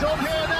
Job here now.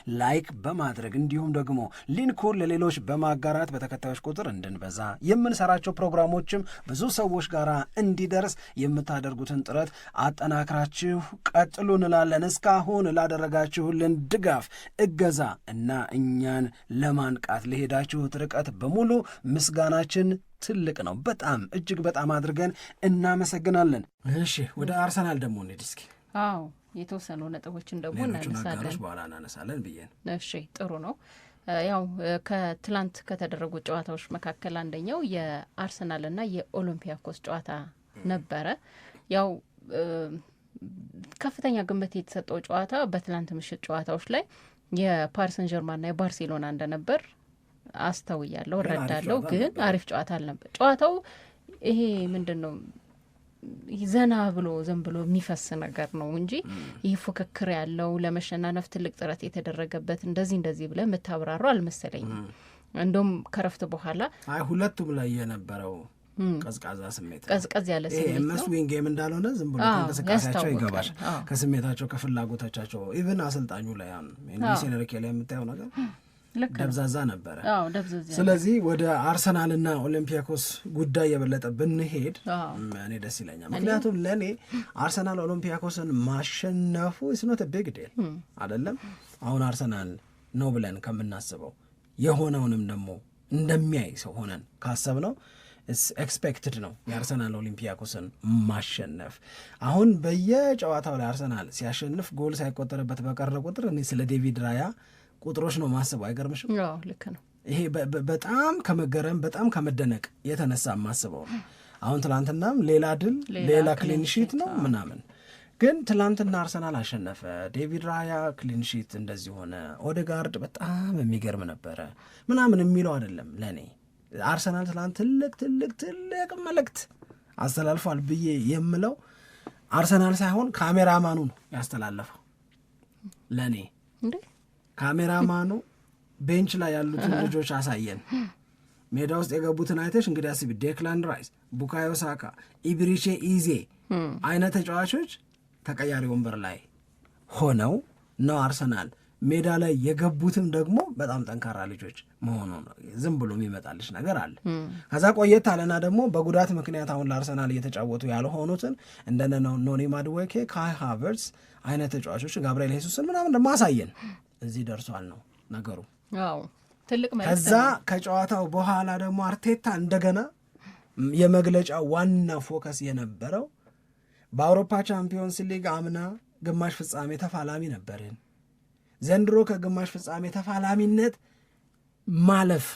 ላይክ በማድረግ እንዲሁም ደግሞ ሊንኩን ለሌሎች በማጋራት በተከታዮች ቁጥር እንድንበዛ የምንሰራቸው ፕሮግራሞችም ብዙ ሰዎች ጋር እንዲደርስ የምታደርጉትን ጥረት አጠናክራችሁ ቀጥሉ እንላለን። እስካሁን ላደረጋችሁልን ድጋፍ፣ እገዛ እና እኛን ለማንቃት ለሄዳችሁት ርቀት በሙሉ ምስጋናችን ትልቅ ነው። በጣም እጅግ በጣም አድርገን እናመሰግናለን። እሺ፣ ወደ አርሰናል ደግሞ እንሂድ እስኪ። አዎ የተወሰኑ ነጥቦችን ደግሞ እናነሳለን በኋላ እናነሳለን ብዬ ነው። እሺ ጥሩ ነው። ያው ከትላንት ከተደረጉ ጨዋታዎች መካከል አንደኛው የአርሰናልና የኦሎምፒያኮስ ጨዋታ ነበረ። ያው ከፍተኛ ግምት የተሰጠው ጨዋታ በትላንት ምሽት ጨዋታዎች ላይ የፓሪሰን ና የባርሴሎና እንደነበር አስተውያለሁ፣ እረዳለሁ። ግን አሪፍ ጨዋታ አልነበር ጨዋታው ይሄ ምንድን ነው ዘና ብሎ ዘን ብሎ የሚፈስ ነገር ነው እንጂ ይህ ፉክክር ያለው ለመሸናነፍ ትልቅ ጥረት የተደረገበት እንደዚህ እንደዚህ ብለ የምታብራሩ አልመሰለኝም። እንደም ከረፍት በኋላ አይ ሁለቱም ላይ የነበረው ቀዝቃዛ ስሜት ቀዝቀዝ ያለ ስሜት እነሱ ዊንጌም እንዳልሆነ ዝም ብሎ እንቅስቃሴያቸው ይገባል። ከስሜታቸው ከፍላጎታቻቸው ኢቨን አሰልጣኙ ላይ ሴነርኬ ላይ የምታየው ነገር ደብዛዛ ነበረ። ስለዚህ ወደ አርሰናልና ኦሎምፒያኮስ ጉዳይ የበለጠ ብንሄድ እኔ ደስ ይለኛል። ምክንያቱም ለእኔ አርሰናል ኦሎምፒያኮስን ማሸነፉ ስኖት ቢግ ዴል አይደለም። አሁን አርሰናል ነው ብለን ከምናስበው የሆነውንም ደግሞ እንደሚያይ ሰው ሆነን ካሰብ ነው ኤክስፔክትድ ነው የአርሰናል ኦሊምፒያኮስን ማሸነፍ። አሁን በየጨዋታው ላይ አርሰናል ሲያሸንፍ ጎል ሳይቆጠርበት በቀረ ቁጥር እኔ ስለ ዴቪድ ራያ ቁጥሮች ነው ማስበው። አይገርምሽም? ልክ ነው። ይሄ በጣም ከመገረም በጣም ከመደነቅ የተነሳ ማስበው ነው። አሁን ትናንትናም ሌላ ድል ሌላ ክሊንሺት ነው ምናምን ግን ትላንትና አርሰናል አሸነፈ። ዴቪድ ራያ ክሊንሺት እንደዚህ ሆነ። ኦደጋርድ በጣም የሚገርም ነበረ ምናምን የሚለው አይደለም። ለእኔ አርሰናል ትላንት ትልቅ ትልቅ ትልቅ መልእክት አስተላልፏል ብዬ የምለው አርሰናል ሳይሆን ካሜራማኑ ነው ያስተላለፈው ለእኔ ካሜራማኑ ቤንች ላይ ያሉትን ልጆች አሳየን። ሜዳ ውስጥ የገቡትን አይተሽ እንግዲህ አስቢ። ዴክላን ራይስ፣ ቡካዮ ሳካ፣ ኢብሪቼ ኢዜ አይነት ተጫዋቾች ተቀያሪ ወንበር ላይ ሆነው ነው አርሰናል ሜዳ ላይ የገቡትም ደግሞ በጣም ጠንካራ ልጆች መሆኑ ነው። ዝም ብሎ የሚመጣልሽ ነገር አለ። ከዛ ቆየት አለና ደግሞ በጉዳት ምክንያት አሁን ለአርሰናል እየተጫወቱ ያልሆኑትን እንደነ ኖኒ ማድዌኬ፣ ካይ ሃቨርስ አይነት ተጫዋቾች፣ ጋብርኤል ሄሱስን ምናምን ደግሞ አሳየን። እዚህ ደርሷል ነው ነገሩ። ከዛ ከጨዋታው በኋላ ደግሞ አርቴታ እንደገና የመግለጫ ዋና ፎከስ የነበረው በአውሮፓ ቻምፒዮንስ ሊግ አምና ግማሽ ፍጻሜ ተፋላሚ ነበርን፣ ዘንድሮ ከግማሽ ፍጻሜ ተፋላሚነት ማለፍ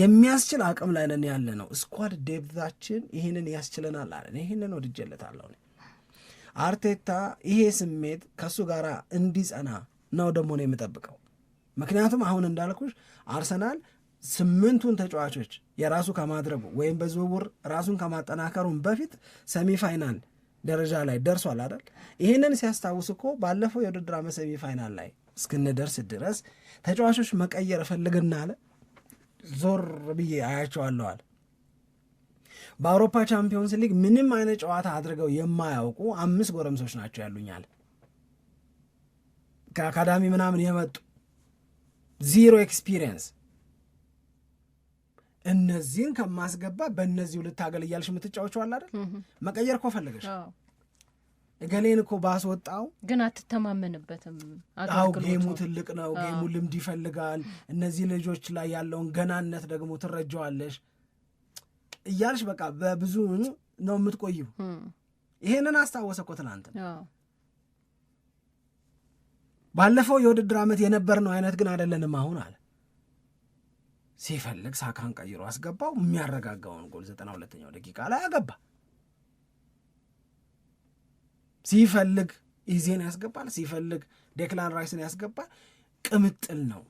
የሚያስችል አቅም ላይ ነን ያለ ነው። ስኳድ ዴብዛችን ይህንን ያስችለናል አለን። ይህንን ወድጀለታለሁ አርቴታ። ይሄ ስሜት ከእሱ ጋር እንዲጸና ነው ደግሞ ነው የምጠብቀው። ምክንያቱም አሁን እንዳልኩሽ አርሰናል ስምንቱን ተጫዋቾች የራሱ ከማድረጉ ወይም በዝውውር ራሱን ከማጠናከሩን በፊት ሰሚፋይናል ደረጃ ላይ ደርሷል አይደል? ይህንን ሲያስታውስ እኮ ባለፈው የውድድር ዓመት ሰሚፋይናል ላይ እስክንደርስ ድረስ ተጫዋቾች መቀየር እፈልግና አለ ዞር ብዬ አያቸዋለዋል። በአውሮፓ ቻምፒዮንስ ሊግ ምንም አይነት ጨዋታ አድርገው የማያውቁ አምስት ጎረምሶች ናቸው ያሉኛል ከአካዳሚ ምናምን የመጡ ዚሮ ኤክስፒሪየንስ እነዚህን ከማስገባ በእነዚሁ ልታገል እያልሽ የምትጫወቸው አለ አይደል? መቀየር እኮ ፈለገሽ። እገሌን እኮ ባስወጣው ግን አትተማመንበትም። አው ጌሙ ትልቅ ነው። ጌሙ ልምድ ይፈልጋል። እነዚህ ልጆች ላይ ያለውን ገናነት ደግሞ ትረጀዋለሽ እያልሽ በቃ በብዙ ነው የምትቆይው። ይሄንን አስታወሰ እኮ ባለፈው የውድድር ዓመት የነበርነው አይነት ግን አይደለንም አሁን አለ። ሲፈልግ ሳካን ቀይሮ አስገባው። የሚያረጋጋውን ጎል ዘጠና ሁለተኛው ደቂቃ ላይ አገባ። ሲፈልግ ኢዜን ያስገባል፣ ሲፈልግ ዴክላን ራይስን ያስገባል። ቅምጥል ነው።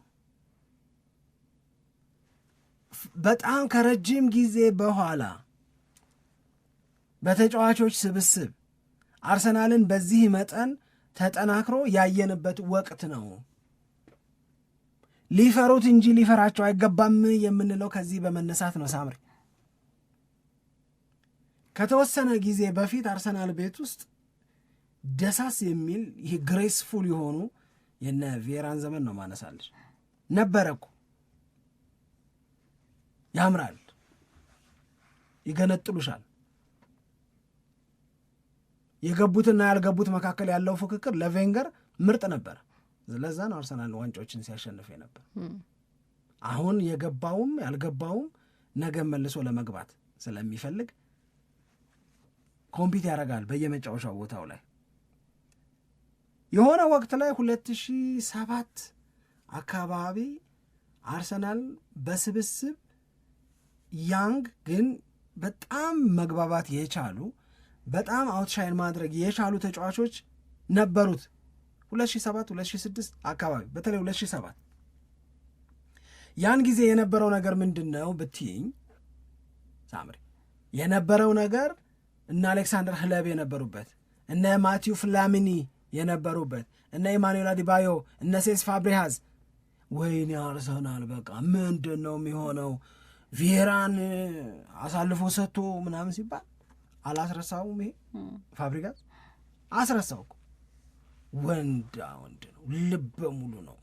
በጣም ከረጅም ጊዜ በኋላ በተጫዋቾች ስብስብ አርሰናልን በዚህ መጠን ተጠናክሮ ያየንበት ወቅት ነው። ሊፈሩት እንጂ ሊፈራቸው አይገባም የምንለው ከዚህ በመነሳት ነው። ሳምሪ ከተወሰነ ጊዜ በፊት አርሰናል ቤት ውስጥ ደሳስ የሚል ይህ ግሬስፉል የሆኑ የነ ቪየራን ዘመን ነው ማነሳለች ነበረ እኮ ያምራል፣ ይገነጥሉሻል የገቡትና ያልገቡት መካከል ያለው ፉክክር ለቬንገር ምርጥ ነበር። ለዛ ነው አርሰናል ዋንጫዎችን ሲያሸንፍ ነበር። አሁን የገባውም ያልገባውም ነገ መልሶ ለመግባት ስለሚፈልግ ኮምፒት ያደርጋል በየመጫወሻው ቦታው ላይ የሆነ ወቅት ላይ ሁለት ሺህ ሰባት አካባቢ አርሰናል በስብስብ ያንግ ግን በጣም መግባባት የቻሉ በጣም አውትሻይን ማድረግ የቻሉ ተጫዋቾች ነበሩት 2007 2006 አካባቢ በተለይ 2007 ያን ጊዜ የነበረው ነገር ምንድን ነው ብትይኝ ሳምሪ የነበረው ነገር እነ አሌክሳንደር ህለብ የነበሩበት እነ ማቲዩ ፍላሚኒ የነበሩበት እነ ኢማኑኤል አዲባዮ እነ ሴስ ፋብሪሃዝ ወይኔ አርሰናል በቃ ምንድን ነው የሚሆነው ቪራን አሳልፎ ሰጥቶ ምናምን ሲባል አላስረሳውም። ይሄ ፋብሪጋዝ አስረሳው እኮ ወንዳ ወንድ ነው፣ ልበ ሙሉ ነው።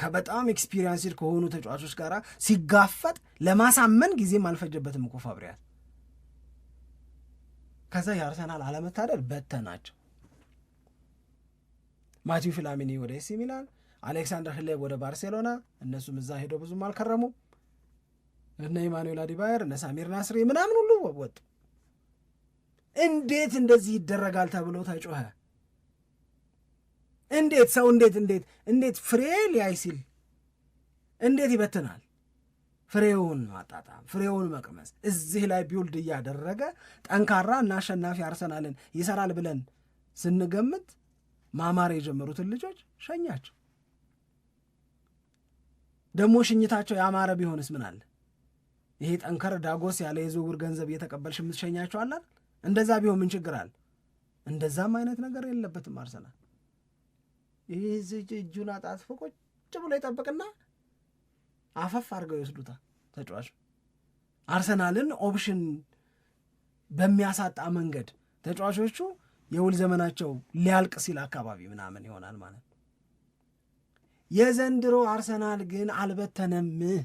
ከበጣም ኤክስፒሪንስድ ከሆኑ ተጫዋቾች ጋር ሲጋፈጥ ለማሳመን ጊዜም አልፈጀበትም እኮ ፋብሪጋዝ። ከዛ የአርሰናል አለመታደል በተናቸው። ማቲው ፊላሚኒ ወደ ኤሲ ሚላን፣ አሌክሳንደር ህሌ ወደ ባርሴሎና፣ እነሱም እዛ ሄደው ብዙም አልከረሙም። እነ ኢማኑኤል አዲባየር እነ ሳሚር ናስሪ ምናምን ሁሉ ወጡ። እንዴት እንደዚህ ይደረጋል ተብሎ ተጮኸ። እንዴት ሰው እንዴት እንዴት እንዴት ፍሬ ሊያይ ሲል እንዴት ይበትናል? ፍሬውን ማጣጣም ፍሬውን መቅመስ እዚህ ላይ ቢውልድ እያደረገ ጠንካራ እና አሸናፊ አርሰናልን ይሰራል ብለን ስንገምት ማማር የጀመሩትን ልጆች ሸኛቸው። ደግሞ ሽኝታቸው ያማረ ቢሆንስ ምን አለ? ይሄ ጠንከር ዳጎስ ያለ የዝውውር ገንዘብ እየተቀበልሽ የምትሸኛቸው አላት እንደዛ ቢሆን ምን ችግር አለ? እንደዛም አይነት ነገር የለበትም አርሰናል። ይህ እጁን አጣጥፎ ቁጭ ብሎ ይጠብቅና አፈፍ አድርገው ይወስዱታል ተጫዋች አርሰናልን ኦፕሽን በሚያሳጣ መንገድ ተጫዋቾቹ የውል ዘመናቸው ሊያልቅ ሲል አካባቢ ምናምን ይሆናል ማለት ነው። የዘንድሮ አርሰናል ግን አልበተነምህ።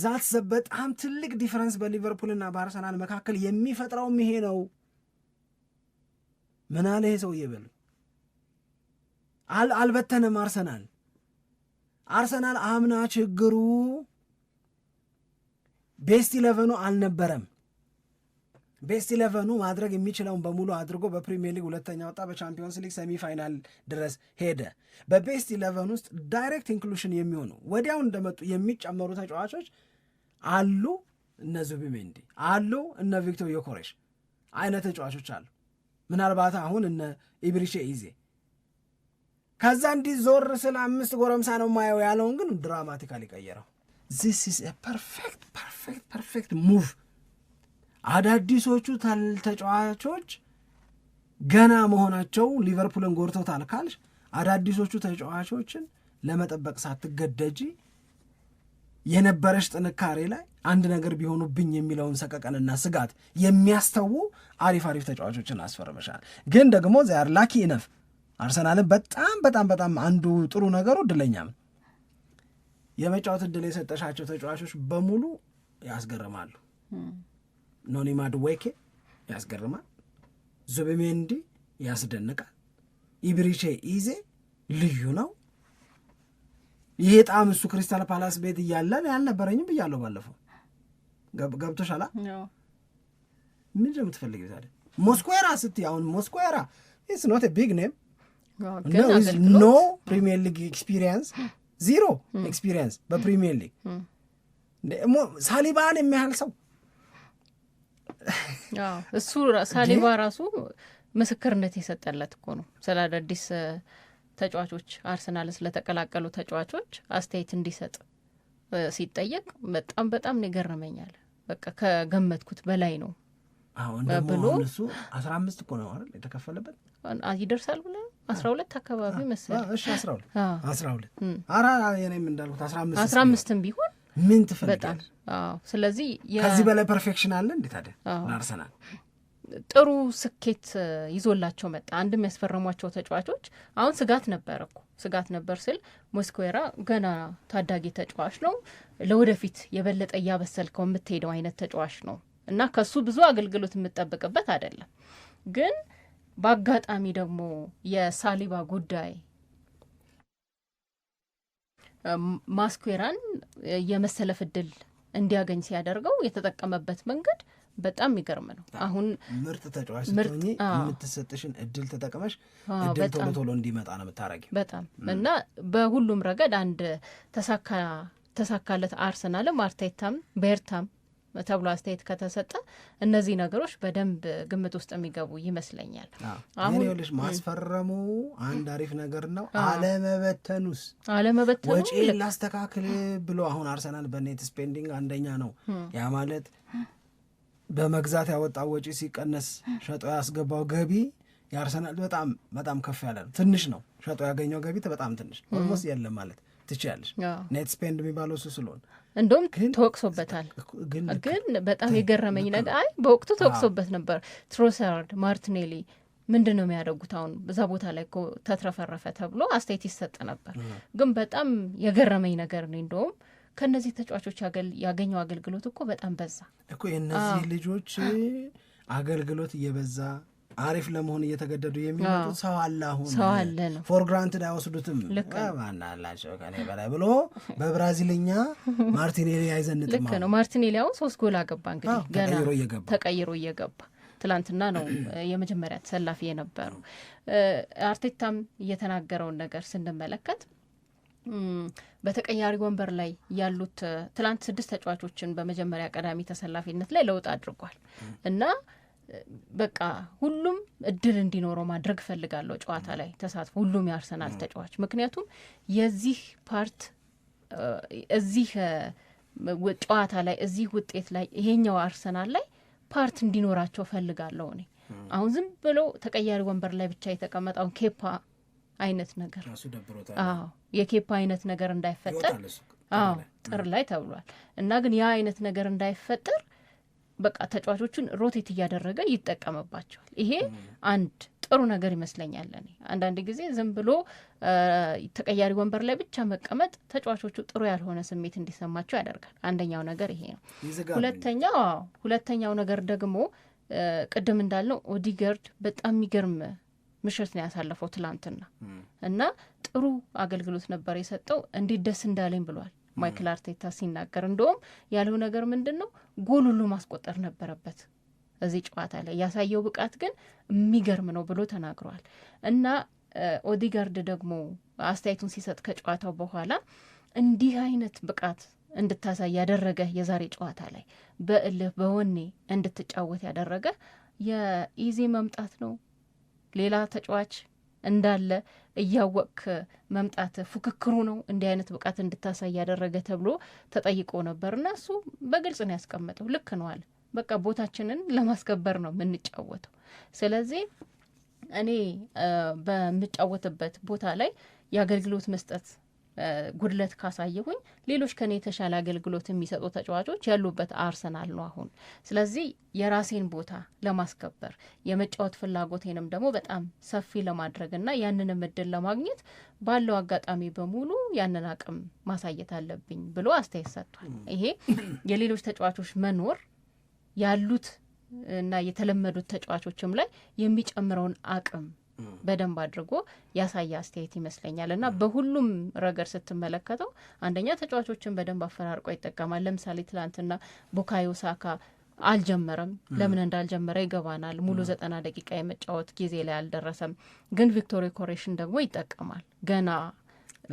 ዛትስ በጣም ትልቅ ዲፈረንስ በሊቨርፑልና በአርሰናል መካከል የሚፈጥረውም ይሄ ነው። ምን አለ ይሄ ሰውዬ በሉ አልበተንም። አርሰናል አርሰናል አምና ችግሩ ቤስት ኢለቨኑ አልነበረም። ቤስት ኢለቨኑ ማድረግ የሚችለውን በሙሉ አድርጎ በፕሪሚየር ሊግ ሁለተኛ ወጣ፣ በቻምፒዮንስ ሊግ ሰሚፋይናል ድረስ ሄደ። በቤስት ኢለቨን ውስጥ ዳይሬክት ኢንክሉሽን የሚሆኑ ወዲያው እንደመጡ የሚጨመሩ ተጫዋቾች አሉ። እነ ዙቢሜንዲ አሉ፣ እነ ቪክቶር ዮኮሬሽ አይነት ተጫዋቾች አሉ። ምናልባት አሁን እነ ኢብሪሼ ኢዜ ከዛ እንዲህ ዞር ስለ አምስት ጎረምሳ ነው ማየው ያለውን ግን ድራማቲካል ቀየረው። ዚስ ኢዝ ፐርፌክት ፐርፌክት ፐርፌክት ሙቭ አዳዲሶቹ ተጫዋቾች ገና መሆናቸው ሊቨርፑልን ጎድቶታል ካልሽ አዳዲሶቹ ተጫዋቾችን ለመጠበቅ ሳትገደጂ የነበረሽ ጥንካሬ ላይ አንድ ነገር ቢሆኑብኝ የሚለውን ሰቀቀንና ስጋት የሚያስተው አሪፍ አሪፍ ተጫዋቾችን አስፈርመሻል። ግን ደግሞ ዚያር ላኪ ኢነፍ አርሰናልን በጣም በጣም በጣም አንዱ ጥሩ ነገሩ እድለኛም የመጫወት እድል የሰጠሻቸው ተጫዋቾች በሙሉ ያስገርማሉ። ኖኒ ማዱዌኬ ያስገርማል። ዙቢሜንዲ ያስደንቃል። ኢብሪቼ ኢዜ ልዩ ነው። ይሄ ጣም እሱ ክሪስታል ፓላስ ቤት እያለን ያልነበረኝም ብያለሁ። ባለፈው ገብቶሻል። ምንድን ነው ቤት ታዲያ? ሞስኮራ ስትይ አሁን ሞስኮራ ኢትስ ኖት ቢግ ኔም ኖ ፕሪሚየር ሊግ ኤክስፒሪየንስ ዚሮ ኤክስፒሪየንስ በፕሪሚየር ሊግ ሳሊባን የሚያህል ሰው እሱ ሳሊባ ራሱ ምስክርነት የሰጠለት እኮ ነው። ስለ አዳዲስ ተጫዋቾች አርሰናል ስለተቀላቀሉ ተጫዋቾች አስተያየት እንዲሰጥ ሲጠየቅ በጣም በጣም ነው ይገርመኛል። በቃ ከገመትኩት በላይ ነው ብሎ እሱ አስራ አምስት እኮ ነው አይደል የተከፈለበት ይደርሳል ብለ አስራ ሁለት አካባቢ መሰለኝ። እሺ አስራ ሁለት አስራ ሁለት አራ እኔም እንዳልኩት አስራ አምስትም ቢሆን ምን ትፈልጋለህ? ስለዚህ ከዚህ በላይ ፐርፌክሽን አለ እንዴት? ታዲያ? አርሰናል ጥሩ ስኬት ይዞላቸው መጣ። አንድም ያስፈረሟቸው ተጫዋቾች አሁን ስጋት ነበር እኮ ስጋት ነበር ስል ሞስኩዌራ ገና ታዳጊ ተጫዋች ነው። ለወደፊት የበለጠ እያበሰልከው የምትሄደው አይነት ተጫዋች ነው እና ከሱ ብዙ አገልግሎት የምጠብቅበት አይደለም። ግን በአጋጣሚ ደግሞ የሳሊባ ጉዳይ ማስኩዌራን የመሰለፍ እድል እንዲያገኝ ሲያደርገው የተጠቀመበት መንገድ በጣም የሚገርም ነው። አሁን ምርጥ ተጫዋች ስትሆኚ የምትሰጥሽን እድል ተጠቅመሽ እድል ቶሎ ቶሎ እንዲመጣ ነው የምታረጊ። በጣም እና በሁሉም ረገድ አንድ ተሳካ ተሳካለት አርሰናልም አርቴታም ቤርታም ተብሎ አስተያየት ከተሰጠ እነዚህ ነገሮች በደንብ ግምት ውስጥ የሚገቡ ይመስለኛል። አሁን ማስፈረሙ አንድ አሪፍ ነገር ነው። አለመበተኑስ አለመበተኑ ወጪ ላስተካክል ብሎ አሁን አርሰናል በኔት ስፔንዲንግ አንደኛ ነው። ያ ማለት በመግዛት ያወጣው ወጪ ሲቀነስ ሸጦ ያስገባው ገቢ የአርሰናል በጣም በጣም ከፍ ያለ ነው። ትንሽ ነው ሸጦ ያገኘው ገቢ በጣም ትንሽ ኦልሞስት የለም ማለት ትችላለች። ኔት ስፔንድ የሚባለው እሱ ስለሆነ እንደውም ተወቅሶበታል። ግን በጣም የገረመኝ ነገር አይ በወቅቱ ተወቅሶበት ነበር። ትሮሳርድ ማርቲኔሊ ምንድን ነው የሚያደርጉት? አሁን እዛ ቦታ ላይ እኮ ተትረፈረፈ ተብሎ አስተያየት ይሰጥ ነበር። ግን በጣም የገረመኝ ነገር ነው እንደውም ከእነዚህ ተጫዋቾች ያገኘው አገልግሎት እኮ በጣም በዛ እኮ የእነዚህ ልጆች አገልግሎት እየበዛ አሪፍ ለመሆን እየተገደዱ የሚመጡት ሰው አለ አሁን ሰው አለ ነው። ፎር ግራንትድ አይወስዱትም። ማን ከኔ በላይ ብሎ በብራዚልኛ ማርቲኔሊ አይዘንጥም። ልክ ነው። ማርቲኔሊ አሁን ሶስት ጎል አገባ። እንግዲህ ገና ተቀይሮ እየገባ ትላንትና ነው የመጀመሪያ ተሰላፊ የነበሩ። አርቴታም እየተናገረውን ነገር ስንመለከት በተቀያሪ ወንበር ላይ ያሉት ትላንት ስድስት ተጫዋቾችን በመጀመሪያ ቀዳሚ ተሰላፊነት ላይ ለውጥ አድርጓል እና በቃ ሁሉም እድል እንዲኖረው ማድረግ እፈልጋለሁ። ጨዋታ ላይ ተሳትፎ ሁሉም የአርሰናል ተጫዋች ምክንያቱም የዚህ ፓርት እዚህ ጨዋታ ላይ እዚህ ውጤት ላይ ይሄኛው አርሰናል ላይ ፓርት እንዲኖራቸው ፈልጋለሁ እኔ አሁን ዝም ብሎ ተቀያሪ ወንበር ላይ ብቻ የተቀመጠውን ኬፓ አይነት ነገር አዎ የኬፓ አይነት ነገር እንዳይፈጠር አዎ ጥር ላይ ተብሏል እና ግን ያ አይነት ነገር እንዳይፈጠር በቃ ተጫዋቾቹን ሮቴት እያደረገ ይጠቀምባቸዋል። ይሄ አንድ ጥሩ ነገር ይመስለኛል። እኔ አንዳንድ ጊዜ ዝም ብሎ ተቀያሪ ወንበር ላይ ብቻ መቀመጥ ተጫዋቾቹ ጥሩ ያልሆነ ስሜት እንዲሰማቸው ያደርጋል። አንደኛው ነገር ይሄ ነው። ሁለተኛው ሁለተኛው ነገር ደግሞ ቅድም እንዳለው። ኦዲገርድ በጣም የሚገርም ምሽት ነው ያሳለፈው ትላንትና እና ጥሩ አገልግሎት ነበር የሰጠው። እንዴት ደስ እንዳለኝ ብሏል። ማይክል አርቴታ ሲናገር። እንደውም ያለው ነገር ምንድን ነው ጎል ሁሉ ማስቆጠር ነበረበት እዚህ ጨዋታ ላይ ያሳየው ብቃት ግን የሚገርም ነው ብሎ ተናግረዋል። እና ኦዲጋርድ ደግሞ አስተያየቱን ሲሰጥ ከጨዋታው በኋላ እንዲህ አይነት ብቃት እንድታሳይ ያደረገ የዛሬ ጨዋታ ላይ በእልህ በወኔ እንድትጫወት ያደረገ የኢዜ መምጣት ነው ሌላ ተጫዋች እንዳለ እያወቅክ መምጣት ፉክክሩ ነው እንዲህ አይነት ብቃት እንድታሳይ ያደረገ ተብሎ ተጠይቆ ነበር እና እሱ በግልጽ ነው ያስቀመጠው። ልክ ነው አለ። በቃ ቦታችንን ለማስከበር ነው የምንጫወተው። ስለዚህ እኔ በምጫወትበት ቦታ ላይ የአገልግሎት መስጠት ጉድለት ካሳየሁኝ ሌሎች ከኔ የተሻለ አገልግሎት የሚሰጡ ተጫዋቾች ያሉበት አርሰናል ነው አሁን። ስለዚህ የራሴን ቦታ ለማስከበር የመጫወት ፍላጎቴንም ደግሞ በጣም ሰፊ ለማድረግና ያንንም እድል ለማግኘት ባለው አጋጣሚ በሙሉ ያንን አቅም ማሳየት አለብኝ ብሎ አስተያየት ሰጥቷል። ይሄ የሌሎች ተጫዋቾች መኖር ያሉት እና የተለመዱት ተጫዋቾችም ላይ የሚጨምረውን አቅም በደንብ አድርጎ ያሳየ አስተያየት ይመስለኛል እና በሁሉም ረገድ ስትመለከተው አንደኛ ተጫዋቾችን በደንብ አፈራርቆ ይጠቀማል። ለምሳሌ ትላንትና ቡካዮ ሳካ አልጀመረም። ለምን እንዳልጀመረ ይገባናል። ሙሉ ዘጠና ደቂቃ የመጫወት ጊዜ ላይ አልደረሰም። ግን ቪክቶሪ ኮሬሽን ደግሞ ይጠቀማል ገና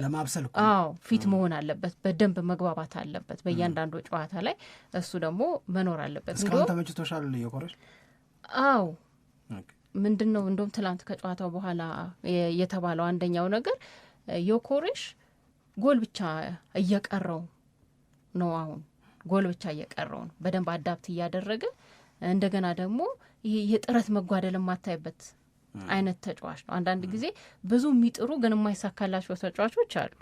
ለማብሰል አዎ ፊት መሆን አለበት። በደንብ መግባባት አለበት በእያንዳንዱ ጨዋታ ላይ እሱ ደግሞ መኖር አለበት። እስካሁን ተመችቶሻል የኮረሽ አዎ ምንድን ነው እንደም ትላንት ከጨዋታው በኋላ የተባለው አንደኛው ነገር ዮኮሬሽ ጎል ብቻ እየቀረው ነው። አሁን ጎል ብቻ እየቀረው ነው። በደንብ አዳፕት እያደረገ እንደገና ደግሞ ይሄ የጥረት መጓደል የማታይበት አይነት ተጫዋች ነው። አንዳንድ ጊዜ ብዙ የሚጥሩ ግን የማይሳካላቸው ተጫዋቾች አሉ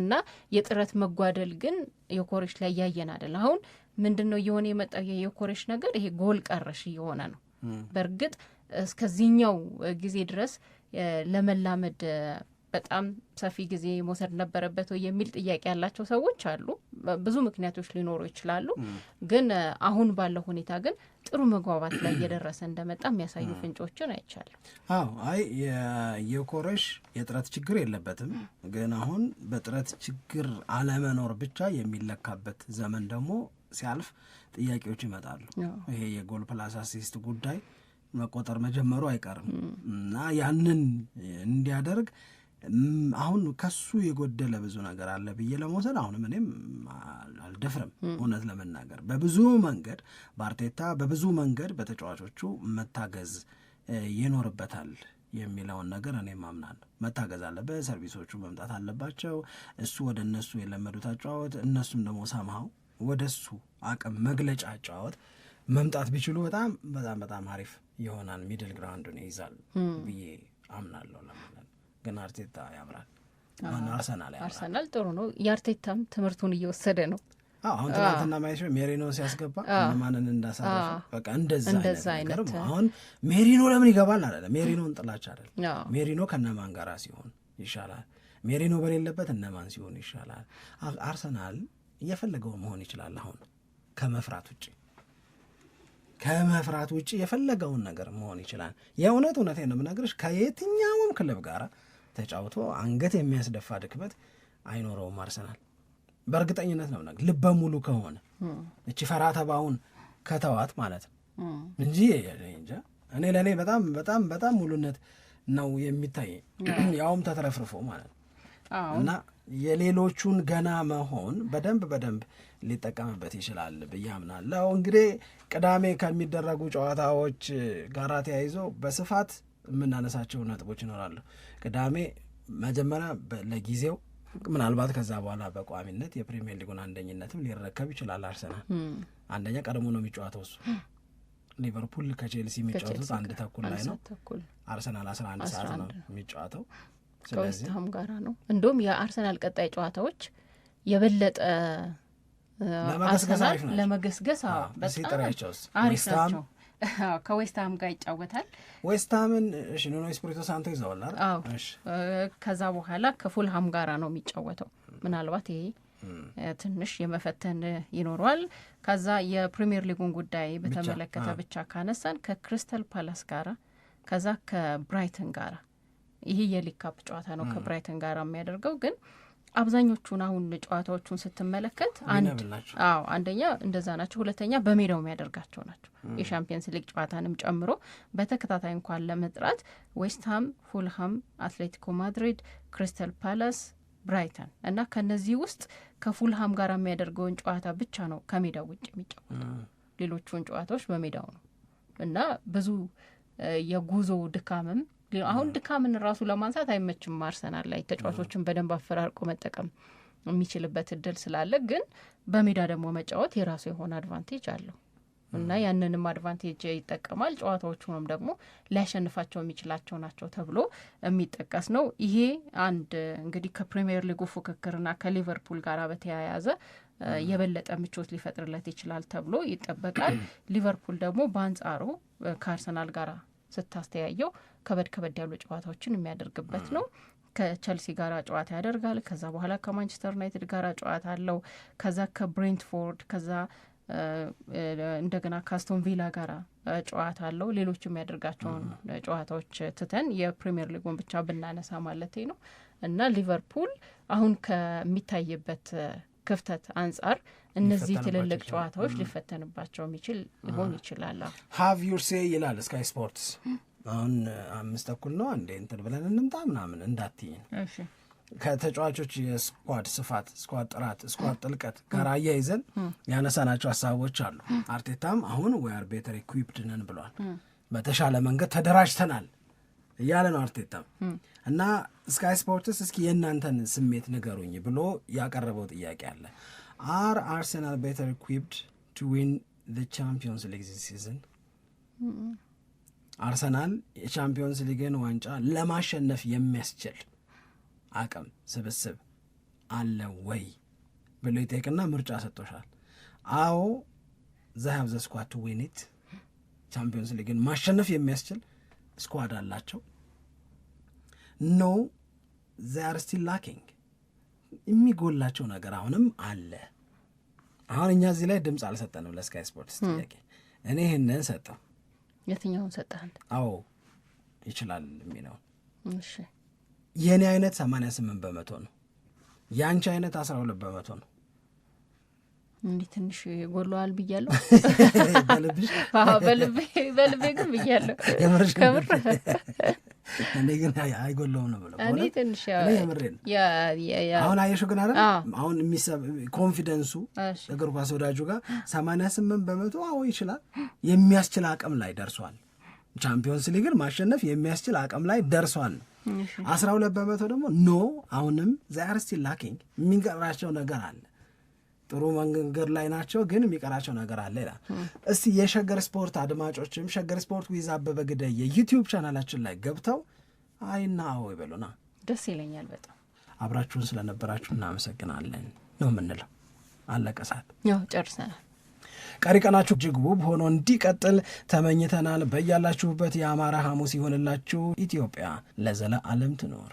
እና የጥረት መጓደል ግን የኮሬሽ ላይ እያየን አይደል። አሁን ምንድን ነው እየሆነ የመጣው የኮሬሽ ነገር ይሄ ጎል ቀረሽ እየሆነ ነው በእርግጥ እስከዚህኛው ጊዜ ድረስ ለመላመድ በጣም ሰፊ ጊዜ መውሰድ ነበረበት ወይ የሚል ጥያቄ ያላቸው ሰዎች አሉ። ብዙ ምክንያቶች ሊኖሩ ይችላሉ። ግን አሁን ባለው ሁኔታ ግን ጥሩ መግባባት ላይ እየደረሰ እንደመጣ የሚያሳዩ ፍንጮችን አይቻልም። አዎ፣ አይ የኮረሽ የጥረት ችግር የለበትም። ግን አሁን በጥረት ችግር አለመኖር ብቻ የሚለካበት ዘመን ደግሞ ሲያልፍ ጥያቄዎች ይመጣሉ። ይሄ የጎል ፕላስ አሲስት ጉዳይ መቆጠር መጀመሩ አይቀርም እና ያንን እንዲያደርግ አሁን ከሱ የጎደለ ብዙ ነገር አለ ብዬ ለመውሰድ አሁንም እኔም አልደፍርም። እውነት ለመናገር በብዙ መንገድ በአርቴታ በብዙ መንገድ በተጫዋቾቹ መታገዝ ይኖርበታል የሚለውን ነገር እኔ ማምናለሁ። መታገዝ አለበት። ሰርቪሶቹ መምጣት አለባቸው። እሱ ወደ እነሱ የለመዱት አጨዋወት፣ እነሱም ደግሞ ሰምሃው ወደ እሱ አቅም መግለጫ አጨዋወት መምጣት ቢችሉ በጣም በጣም በጣም አሪፍ ይሆናል ሚድል ግራውንዱን ይይዛል ብዬ አምናለሁ። ለማለት ግን አርቴታ ያምራል። አርሰናል አርሰናል ጥሩ ነው። የአርቴታም ትምህርቱን እየወሰደ ነው። አሁን ትናንትና ማየሽ ሜሪኖ ሲያስገባ ማንን እንዳሳረፈ በቃ እንደዛ አይነት አሁን ሜሪኖ ለምን ይገባል አለ ሜሪኖን ጥላች አለ ሜሪኖ ከነማን ጋራ ሲሆን ይሻላል ሜሪኖ በሌለበት እነማን ሲሆን ይሻላል? አርሰናል እየፈለገው መሆን ይችላል። አሁን ከመፍራት ውጭ ከመፍራት ውጭ የፈለገውን ነገር መሆን ይችላል። የእውነት እውነት ነው የምነግርሽ ከየትኛውም ክለብ ጋር ተጫውቶ አንገት የሚያስደፋ ድክመት አይኖረውም አርሰናል። በእርግጠኝነት ነው ነገር ልበ ሙሉ ከሆነ እቺ ፈራ ተባውን ከተዋት ማለት ነው እንጂ እንጃ እኔ ለእኔ በጣም በጣም በጣም ሙሉነት ነው የሚታይ ያውም ተትረፍርፎ ማለት ነው እና የሌሎቹን ገና መሆን በደንብ በደንብ ሊጠቀምበት ይችላል ብዬ አምናለሁ። እንግዲህ ቅዳሜ ከሚደረጉ ጨዋታዎች ጋራ ተያይዞ በስፋት የምናነሳቸው ነጥቦች ይኖራሉ። ቅዳሜ መጀመሪያ ለጊዜው ምናልባት ከዛ በኋላ በቋሚነት የፕሪሚየር ሊጉን አንደኝነትም ሊረከብ ይችላል። አርሰናል አንደኛ ቀድሞ ነው የሚጫወተው እሱ። ሊቨርፑል ከቼልሲ የሚጫወቱት አንድ ተኩል ላይ ነው። አርሰናል አስራ አንድ ሰዓት ነው የሚጫወተው። ከዌስትሀም ጋራ ነው። እንዲሁም የአርሰናል ቀጣይ ጨዋታዎች የበለጠ አርሰናል ለመገስገስ በጣም አሪፍ ናቸው። ጋር ይጫወታል። እሺ፣ ኑኖ ስፒሪቶ ሳንቶ ይዘዋል። ከዛ በኋላ ከፉልሃም ጋራ ነው የሚጫወተው። ምናልባት ይሄ ትንሽ የመፈተን ይኖረዋል። ከዛ የፕሪሚየር ሊጉን ጉዳይ በተመለከተ ብቻ ካነሳን ከክሪስታል ፓላስ ጋራ ከዛ ከብራይተን ጋራ ይሄ የሊግ ካፕ ጨዋታ ነው ከብራይተን ጋር የሚያደርገው ግን አብዛኞቹን አሁን ጨዋታዎቹን ስትመለከት አንድ አዎ አንደኛ እንደዛ ናቸው። ሁለተኛ በሜዳው የሚያደርጋቸው ናቸው። የሻምፒየንስ ሊግ ጨዋታንም ጨምሮ በተከታታይ እንኳን ለመጥራት ዌስትሃም፣ ፉልሃም፣ አትሌቲኮ ማድሪድ፣ ክሪስተል ፓላስ፣ ብራይተን እና ከነዚህ ውስጥ ከፉልሃም ጋር የሚያደርገውን ጨዋታ ብቻ ነው ከሜዳው ውጭ የሚጫወተው። ሌሎቹን ጨዋታዎች በሜዳው ነው እና ብዙ የጉዞ ድካምም አሁን ድካምን ራሱ ለማንሳት አይመችም። አርሰናል ላይ ተጫዋቾችን በደንብ አፈራርቆ መጠቀም የሚችልበት እድል ስላለ፣ ግን በሜዳ ደግሞ መጫወት የራሱ የሆነ አድቫንቴጅ አለው እና ያንንም አድቫንቴጅ ይጠቀማል። ጨዋታዎቹንም ደግሞ ሊያሸንፋቸው የሚችላቸው ናቸው ተብሎ የሚጠቀስ ነው። ይሄ አንድ እንግዲህ ከፕሪሚየር ሊጉ ፉክክርና ከሊቨርፑል ጋር በተያያዘ የበለጠ ምቾት ሊፈጥርለት ይችላል ተብሎ ይጠበቃል። ሊቨርፑል ደግሞ በአንጻሩ ከአርሰናል ጋር ስታስተያየው ከበድ ከበድ ያሉ ጨዋታዎችን የሚያደርግበት ነው። ከቸልሲ ጋር ጨዋታ ያደርጋል። ከዛ በኋላ ከማንቸስተር ዩናይትድ ጋር ጨዋታ አለው። ከዛ ከብሬንትፎርድ ከዛ እንደገና ከአስቶን ቪላ ጋር ጨዋታ አለው። ሌሎች የሚያደርጋቸውን ጨዋታዎች ትተን የፕሪምየር ሊጉን ብቻ ብናነሳ ማለት ነው እና ሊቨርፑል አሁን ከሚታይበት ክፍተት አንጻር እነዚህ ትልልቅ ጨዋታዎች ሊፈተንባቸው የሚችል ሊሆን ይችላል። ሀቭ ዩር ይላል ስካይ ስፖርትስ። አሁን አምስት ተኩል ነው አንዴ እንትን ብለን እንምጣ ምናምን እንዳትይኝ ከተጫዋቾች የስኳድ ስፋት ስኳድ ጥራት ስኳድ ጥልቀት ጋር አያይዘን ያነሳናቸው ሀሳቦች አሉ። አርቴታም አሁን ወያር ቤተር ኢኩዊፕድ ነን ብሏል። በተሻለ መንገድ ተደራጅተናል እያለ ነው አርቴታም እና ስካይ ስፖርትስ እስኪ የእናንተን ስሜት ንገሩኝ ብሎ ያቀረበው ጥያቄ አለ። አር አርሴናል ቤተር ኢኩዊፕድ ቱ ዊን ቻምፒዮንስ ሊግ ሲዝን አርሰናል የቻምፒዮንስ ሊግን ዋንጫ ለማሸነፍ የሚያስችል አቅም ስብስብ አለ ወይ ብሎ ይጠይቅና ምርጫ ሰጥቶሻል። አዎ ዘሀብ ዘ ስኳድ ዊኒት ቻምፒዮንስ ሊግን ማሸነፍ የሚያስችል ስኳድ አላቸው። ኖ ዘአር ስቲል ላኪንግ የሚጎላቸው ነገር አሁንም አለ። አሁን እኛ እዚህ ላይ ድምፅ አልሰጠንም ለስካይ ስፖርትስ ጥያቄ። እኔ ይህንን ሰጠው። የትኛውን ሰጠህን? አዎ ይችላል የሚለው የእኔ አይነት ሰማንያ ስምንት በመቶ ነው። የአንቺ አይነት አስራ ሁለት በመቶ ነው። እንዲህ ትንሽ ጎለዋል ብያለሁ። በልቤ ግን ብያለሁ ከምር እኔ ግን አይጎለውም ነው ብለው እኔ ትንሽ የምሬን አሁን አየሽው ግን አይደል አሁን ኮንፊደንሱ እግር ኳስ ወዳጁ ጋር ሰማንያ ስምንት በመቶ አዎ ይችላል የሚያስችል አቅም ላይ ደርሷል። ቻምፒዮንስ ሊግን ማሸነፍ የሚያስችል አቅም ላይ ደርሷል። አስራ ሁለት በመቶ ደግሞ ኖ አሁንም ዛያርስቲ ላኪንግ የሚንቀራቸው ነገር አለ ጥሩ መንገድ ላይ ናቸው፣ ግን የሚቀራቸው ነገር አለ ይላል። እስቲ የሸገር ስፖርት አድማጮችም ሸገር ስፖርት ዊዛ አበበ ግደይ የዩቲዩብ ቻናላችን ላይ ገብተው አይና አዎ ይበሉና ደስ ይለኛል። በጣም አብራችሁን ስለነበራችሁ እናመሰግናለን ነው የምንለው። አለቀ ሰዓት፣ ጨርሰናል። ቀሪ ቀናችሁ እጅግ ውብ ሆኖ እንዲቀጥል ተመኝተናል። በያላችሁበት የአማራ ሐሙስ ይሆንላችሁ። ኢትዮጵያ ለዘለዓለም ትኖር።